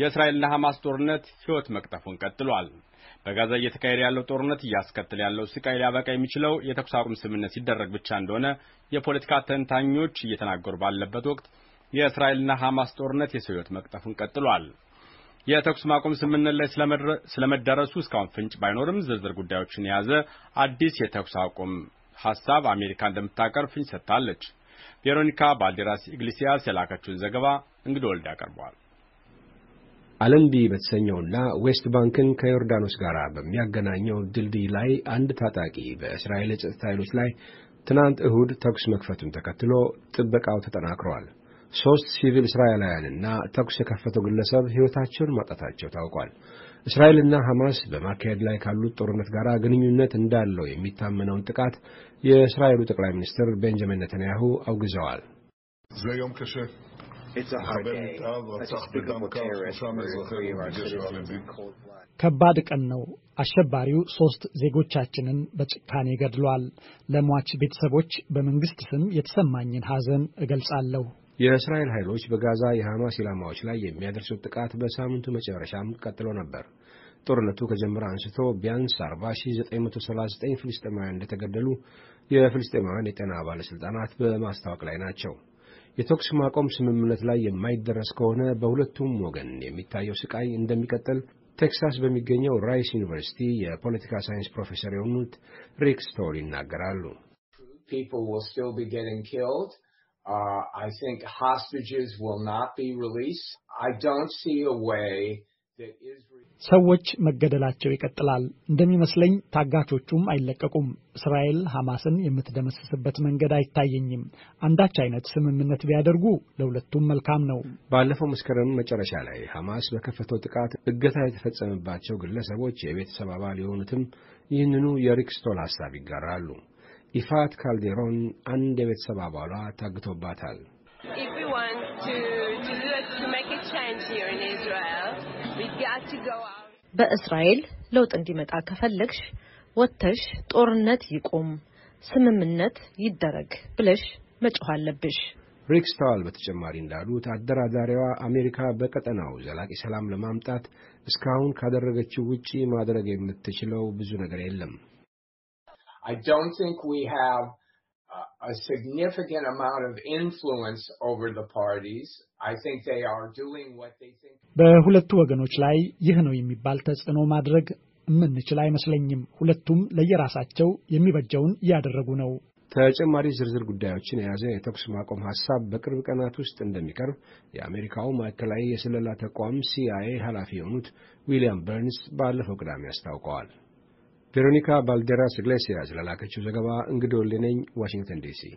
የእስራኤልና ሐማስ ጦርነት ሕይወት መቅጠፉን ቀጥሏል። በጋዛ እየተካሄደ ያለው ጦርነት እያስከተለ ያለው ስቃይ ሊያበቃ የሚችለው የተኩስ አቁም ስምምነት ሲደረግ ብቻ እንደሆነ የፖለቲካ ተንታኞች እየተናገሩ ባለበት ወቅት የእስራኤልና ሐማስ ጦርነት የሰው ሕይወት መቅጠፉን ቀጥሏል። የተኩስ ማቆም ስምምነት ላይ ስለመደረሱ እስካሁን ፍንጭ ባይኖርም ዝርዝር ጉዳዮችን የያዘ አዲስ የተኩስ አቁም ሀሳብ አሜሪካ እንደምታቀርብ ፍንጭ ሰጥታለች። ቬሮኒካ ባልዴራስ ኢግሊሲያስ የላከችውን ዘገባ እንግዶ ወልድ ያቀርበዋል። አለምቢ በተሰኘውና ዌስት ባንክን ከዮርዳኖስ ጋር በሚያገናኘው ድልድይ ላይ አንድ ታጣቂ በእስራኤል የጸጥታ ኃይሎች ላይ ትናንት እሁድ ተኩስ መክፈቱን ተከትሎ ጥበቃው ተጠናክሯል። ሦስት ሲቪል እስራኤላውያንና ተኩስ የከፈተው ግለሰብ ሕይወታቸውን ማጣታቸው ታውቋል። እስራኤልና ሐማስ በማካሄድ ላይ ካሉት ጦርነት ጋር ግንኙነት እንዳለው የሚታመነውን ጥቃት የእስራኤሉ ጠቅላይ ሚኒስትር ቤንጃሚን ነተንያሁ አውግዘዋል። ከባድ ቀን ነው። አሸባሪው ሶስት ዜጎቻችንን በጭካኔ ገድሏል። ለሟች ቤተሰቦች በመንግስት ስም የተሰማኝን ሐዘን እገልጻለሁ። የእስራኤል ኃይሎች በጋዛ የሐማስ ኢላማዎች ላይ የሚያደርሱት ጥቃት በሳምንቱ መጨረሻም ቀጥሎ ነበር። ጦርነቱ ከጀመረ አንስቶ ቢያንስ 40939 ፍልስጤማውያን እንደተገደሉ የፍልስጤማውያን የጤና ባለሥልጣናት በማስታወቅ ላይ ናቸው። የተኩስ ማቆም ስምምነት ላይ የማይደረስ ከሆነ በሁለቱም ወገን የሚታየው ስቃይ እንደሚቀጥል ቴክሳስ በሚገኘው ራይስ ዩኒቨርሲቲ የፖለቲካ ሳይንስ ፕሮፌሰር የሆኑት ሪክ ስቶል ይናገራሉ። ሰዎች መገደላቸው ይቀጥላል። እንደሚመስለኝ ታጋቾቹም አይለቀቁም። እስራኤል ሐማስን የምትደመስስበት መንገድ አይታየኝም። አንዳች አይነት ስምምነት ቢያደርጉ ለሁለቱም መልካም ነው። ባለፈው መስከረም መጨረሻ ላይ ሐማስ በከፈተው ጥቃት እገታ የተፈጸመባቸው ግለሰቦች የቤተሰብ አባል የሆኑትም ይህንኑ የሪክስቶል ሐሳብ ይጋራሉ። ኢፋት ካልዴሮን አንድ የቤተሰብ አባሏ ታግቶባታል። በእስራኤል ለውጥ እንዲመጣ ከፈለግሽ ወጥተሽ ጦርነት ይቁም፣ ስምምነት ይደረግ ብለሽ መጮህ አለብሽ። ብሪክስታል በተጨማሪ እንዳሉት አደራዳሪዋ አሜሪካ በቀጠናው ዘላቂ ሰላም ለማምጣት እስካሁን ካደረገችው ውጪ ማድረግ የምትችለው ብዙ ነገር የለም። በሁለቱ ወገኖች ላይ ይህ ነው የሚባል ተጽዕኖ ማድረግ የምንችል አይመስለኝም። ሁለቱም ለየራሳቸው የሚበጀውን እያደረጉ ነው። ተጨማሪ ዝርዝር ጉዳዮችን የያዘ የተኩስ ማቆም ሀሳብ በቅርብ ቀናት ውስጥ እንደሚቀርብ የአሜሪካው ማዕከላዊ የስለላ ተቋም ሲአይኤ ኃላፊ የሆኑት ዊሊያም በርንስ ባለፈው ቅዳሜ አስታውቀዋል። ቬሮኒካ ባልዴራስ ኢግሌሲያስ ለላከችው ዘገባ እንግዶ ሌነኝ ዋሽንግተን ዲሲ